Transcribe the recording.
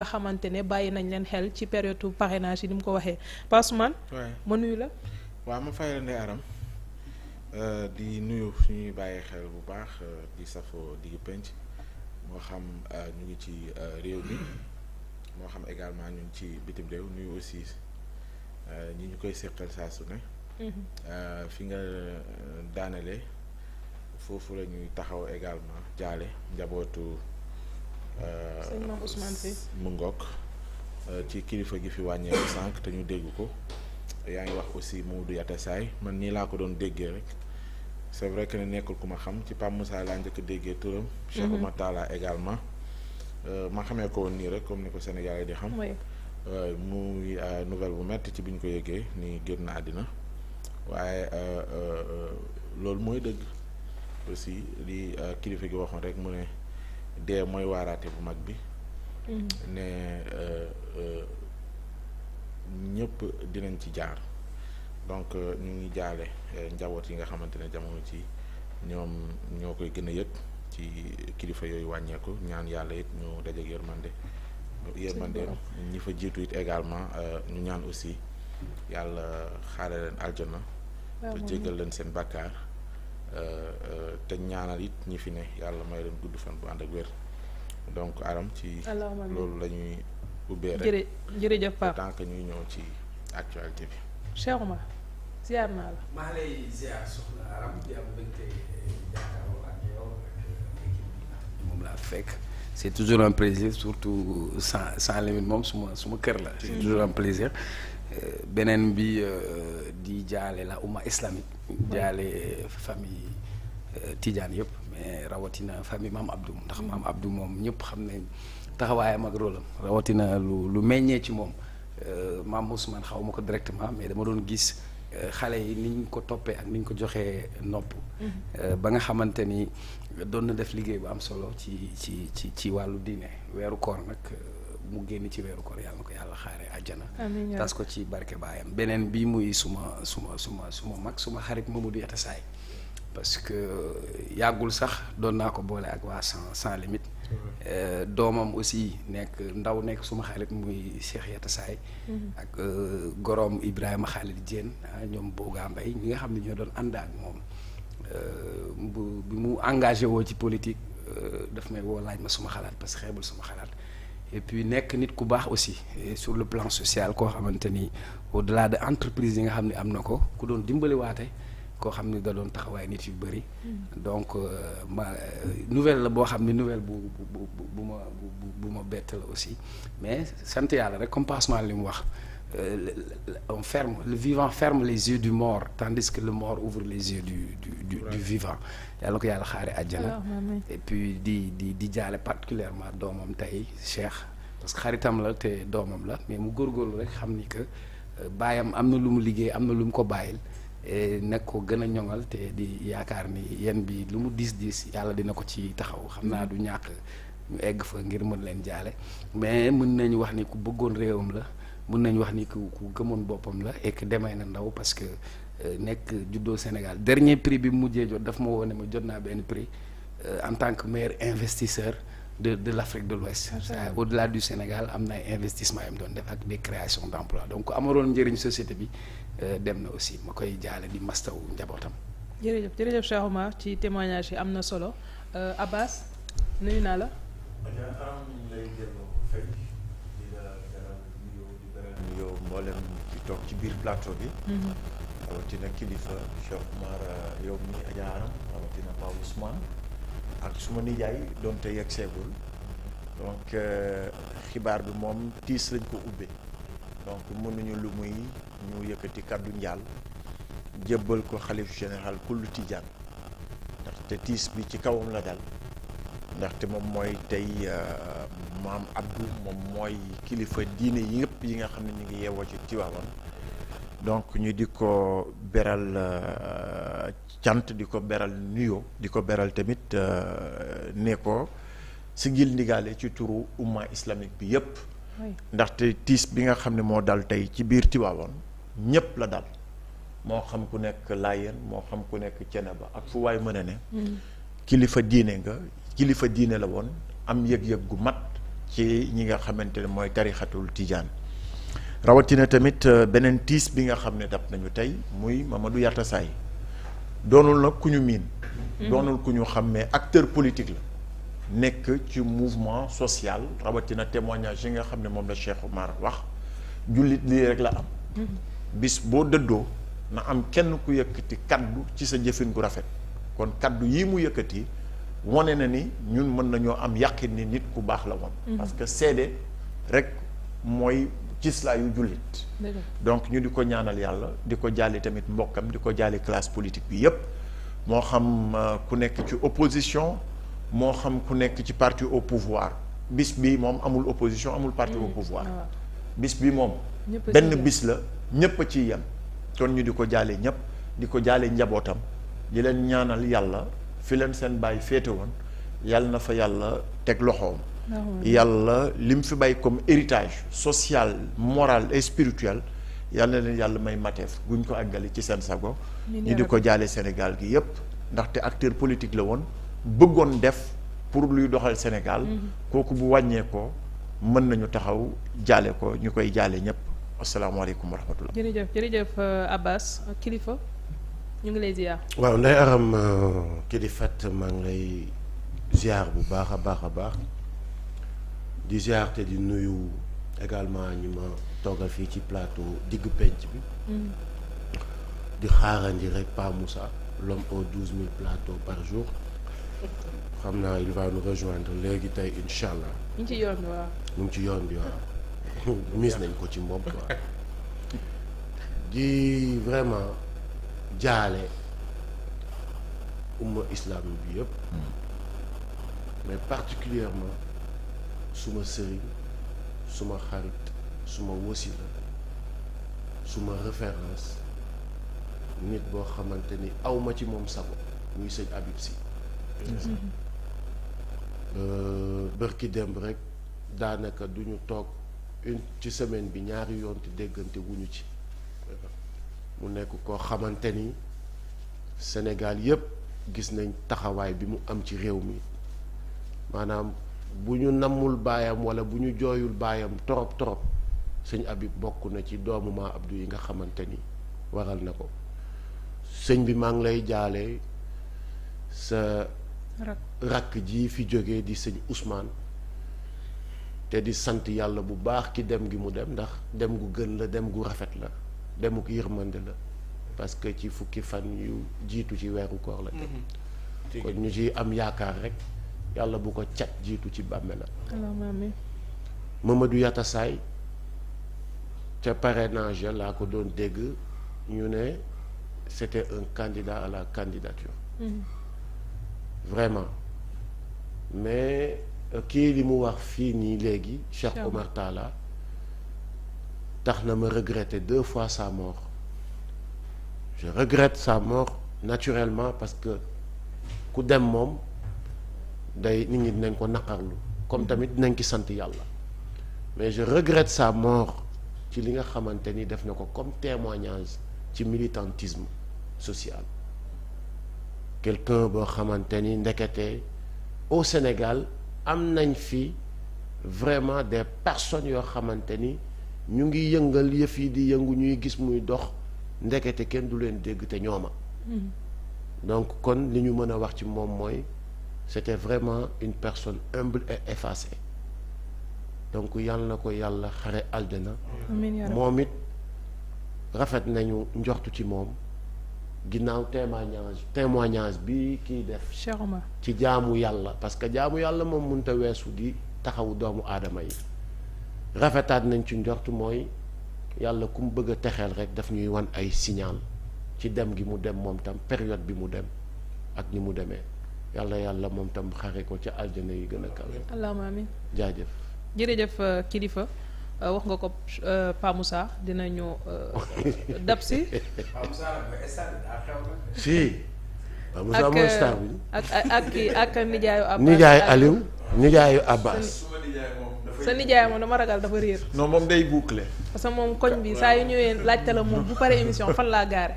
nga xamante ne bàyyi nañ leen xel ci période parrainage yi ni mu ko waxee Passeman ma nuyu la waaw ma fay la Ndeye Aram euh, di nuyu suñuy bàyyi xel bu baax euh, di safo digi penc moo xam euh, ñu ngi ci réew mi moo xam également ñu ngi ci bitim léew nuyu aussi ñi ñu koy seqal saasu su ne mhm. fi nga daanale foofu la ñuy taxaw également jaale njabootu Euh, sëñ Mame Ousmane mu ngook euh, ci kilifa gi fi wàññeeku sànq te ñu dégg ko yaa ngi wax aussi Modou saay man nii laa ko doon déggee rek c'est vrai que ne nekkul ku ma xam ci Pape Moussa laa njëkk déggee turam. Mhm. Cheikh Oumar Talla également. Euh, ma xamee ko woon nii rek comme ni ko Sénégal yi di xam. mu nouvelle bu métti ci bi ñu ko yëgee ni na àddina waaye loolu mooy dëgg aussi li kilifa gi waxoon rek mu ne. dee mooy waaraate bu mag bi mm-hmm. ne euh, euh, ñëpp dinañ ci jaar donc euh, ñu ngi jaale njaboot yi nga xamante ne jamono ci ñoom ñoo koy gën a yëg ci kilifa yooyu wàññeeku ñaan yàlla it ñu dajeeg yërmande yërmande ñi fa jiitu it également ñu ñaan aussi yàlla xaare leen aljana te jégal leen seen bàkkaar te ñaanal it ñi fi ne yàlla may leen gudd fan bu ànd ak wér donc aram ci loolu lañuy ñuy ubbee jërëjëf Pape ñuy ñëw ci actualité bi Cheikh ma ziar naa la maa lay ziar moom laa fekk c'est toujours en plaisir surtout sans sans limite moom suma suma kër la c'est mm-hmm. toujours un plaisir beneen bi euh, di jaale la uma islamique jaale famille euh, Tidiane yëpp mais rawatina famille maam Abdou ndax maam Abdou moom ñëpp xam ne taxawaayam ak rôlam rawatina lu lu meññee ci moom euh, maam Ousmane xaw ma ko directement mais dama doon gis xale yi niñ ko toppee ak niñ ko joxee nopp mm-hmm. ba nga xamante ni doon na def liggéey bu am solo ci ci ci ci wàllu diine weeru koor nag mu génn ci weeru koor yàlla na ko yàlla xaaree àjjana tas ko ci barke baayam beneen bi muy suma suma suma suma mag suma xarit Mamadou Yatasaay parce que yàggul sax doon naa ko boole ak waa sans sans limite euh, doomam aussi nekk ndaw nekk suma xarit muy Cheikh Yatasaay mm-hmm. ak euh, goroom Ibrahima Khalid Diène ah ñoom Boga Mbaye ñi nga xam ne ñoo doon ànd ak moom euh, bu bi mu engagé woo ci politique daf may woo laaj ma suma xalaat parce que xeebul suma xalaat et nekk nit ku baax aussi et sur le plan social koo xamante ni au delà de entreprise yi nga xam ne am na ko ku doon dimbaliwaate koo xam ne da doon taxawaay nit yu bëri. Mm. donc euh, ma euh, nouvelle la boo xam ne nouvelle bu bu bu bu ma bu ma bett la aussi mais sant yàlla rek comme passement wax. euh, on ferme, le vivant ferme les yeux du mort, tandis que le mort ouvre les yeux du, vivant. yàlla ko yàlla xaare àjjana et puis di di di jaale particulièrement doomam tey Cheikh parce xaritam la te doomam la mais mu góorgóorlu rek xam ni que euh, baayam am na lu mu liggéey am na lu mu ko bàyyil nag ko gën a ñoŋal te di yaakaar ni yéen bi lu mu diis diis yàlla dina ko ci taxaw xam naa du ñàkk ñu egg fa ngir mën leen jaale mais mën nañu wax ni ku bëggoon réewam la mun nañ wax ni ku ku gëmoon boppam la et que na ndaw parce que euh, nekk juddoo Sénégal dernier prix bi mu mujjee jot daf ma woo ne ma jot naa benn prix euh, en tant que maire investisseur de de l' Afrique de l'Ouest euh, au delà du Sénégal am na ay investissement yam doon def ak des créations d' emploi donc amaloon njëriñ société bi dem na aussi ma koy jaale di mastawu njabootam. jërëjëf jërëjëf Cheikh ci témoignage yi am na solo Abbas nuyu naa la. toog ci biir plateau bi. Mhm. rawatina kilifa Cheikh Oumar euh, yow mi ajaaram rawatina Pape Ousmane suma nijaay doonte yegg seegul donc euh, xibaar bi moom tiis lañ ko ubbee donc mënuñu lu muy ñu yëkkati kàddu njaal jébbal ko xalif général kullu tijaan ndaxte tiis bi ci kawam la dal ndaxte moom mooy tey. Euh, maam Abdou moom mooy kilifa diine yëpp yi nga xam ne ñu ngi yeewoo ci Tiwaawan donc ñu di ko beral euh, cant di ko beral nuyo di ko beral tamit euh, ne ko sigil ndigaale ci turu umma islamique bi yëpp. ndaxte tiis bi nga xam ne moo dal tey ci biir Tiwaawan ñëpp la dal moo xam ku nekk layen moo xam ku nekk Ceneba ak fu waay mën ne. Mm-hmm. kilifa diine nga kilifa diine la woon am yëg-yëg gu mat. ci ñi nga xamante ne mooy tarixatul tijaan rawatina tamit euh, beneen tiis bi nga xam ne dab nañu tey muy Mamadou Yatassay doonul nag ku ñu miin mhm. doonul ku ñu xam ne acteur politique la nekk ci mouvement social rawatina témoignage yi nga xam ne moom la Cheikh Oumar wax jullit lii rek la am mhm. bis boo dëddoo na am kenn ku yëkkati kaddu ci sa jëfin gu rafet kon kàddu yi mu yëkkati wane na ni ñun mën nañoo am yàqin ni nit ku baax la woon. Mhm. parce que seede rek mooy cislaayu jullit. donc ñu di ko ñaanal yàlla di ko jaali tamit mbokkam di ko jaali classe politique bi yépp moo xam euh, ku nekk ci opposition moo xam ku nekk ci parti au bis bi moom amul opposition amul parti au mhm. pouvoir ah. bis bi moom benn bis la ñépp a ciy yem kon ñu di ko jaale ñépp di ko jaale njabootam di leen ñaanal yàlla fi leen seen bàyyi féete woon yàlla na fa yàlla teg loxoom. yàlla li mu fi bàyyi comme héritage social moral et spirituel yàlla na leen yàlla may mateef guñ ko àggalee ci seen sago. ñu di ko jaalee Sénégal gi yépp ndaxte acteur politique la woon bëggoon def pour luy doxal Sénégal. Mhm. kooku bu wàññeekoo mën nañu taxaw jaale ko ñu koy jaale ñépp asalaamaaleykum wa rahmatullah. Euh, ñu ngi lay ziar. waaw nday aram euh, kii di fat maa ngi lay ziar bu baax a baax a baax di ziar te di nuyu également ñi ma toogal fii ci plateau diggu penc bi. Mm-hmm. di xaarandi rek Pa Moussa l'homme aux douze mille plateaux par jour xam naa il va nous rejoindre léegi tey incha allah. mu ci yoon bi waaw. mis nañ ko ci mbopp quoi. di vraiment. jaale umma islami bi yëpp mais particulièrement suma sëriñ suma xarit suma wasila suma référence nit boo xamante ni awma ci moom sago muy sëñ Habib Sy mm-hmm. euh, bërki démb rek daanaka duñu toog une ci semaine bi ñaari yoon te déggante wuñu ci mu nekk koo xamante ni Sénégal yépp gis nañ taxawaay bi mu am ci réew mi maanaam bu ñu nammul baayam wala bu ñu jooyul baayam torop torop sëñ Habib bokk na ci doomu maa Abdou yi nga xamante ni waral na ko sëñ bi maa ngi lay jaale sa rakk ji fi jóge di sëñ usmaan te di sant yàlla bu baax ci dem gi mu dem ndax dem gu gën la dem gu rafet la demuk yërmande la parce que ci fukki fan yu jiitu ci weeru koor la teg mhm. ñu ci am yaakaar rek yàlla bu ko cat jiitu ci bàmmeelam Mamadou Yatassay ca parrainage laa ko doon dégg ñu ne c'était un candidat à la candidature mhm. vraiment mais euh, kii li mu wax fii nii léegi Cheikh Omar tax na ma regretter deux fois sa mort je regrette sa mort naturellement parce que ku dem moom day nit ñi dinañ ko naqarlu comme tamit dinañ ki sant yàlla mais je regrette sa mort ci li nga xamante ni def na ko comme témoignage ci militantisme social quelqu'un boo xamante ni ndekete au Sénégal am nañ fi vraiment des personnes yoo xamante ni ñu ngi yëngal yëf yi di yëngu ñuy gis muy dox ndekete kenn du leen dégg te ñooma mm-hmm. donc kon li ñu mën a wax ci moom mooy c'était vraiment une personne humble et effacée donc yàlla na ko yàlla xare àldina moom it rafet nañu njortu ci moom ginnaaw témoignage témoignage bi kiy def ci jaamu yàlla parce que jaamu yàlla moom mënut a weesu di taxawu doomu aadama yi rafetaat nañ ci njort mooy yàlla ku mu bëgg a texeel rek daf ñuy wan ay signal ci dem gi mu dem moom tam période bi mu dem ak ni mu demee yàlla yàlla moom tam xare ko ca aljana yi gën a kawe allahumma amin jaajëf jërëjëf euh, kilifa euh, wax nga ko euh, pamusa Moussa dinañu dab si si mooy star bi ak ak ak nijaayu Abbas nijaayu Aliou nijaayu Abbas sa nijaay moom dama ragal dafa réer. non moom day boucler. parce que moom koñ bi saa yu ñëwee laajte la moom bu pare émission fan laa gaare.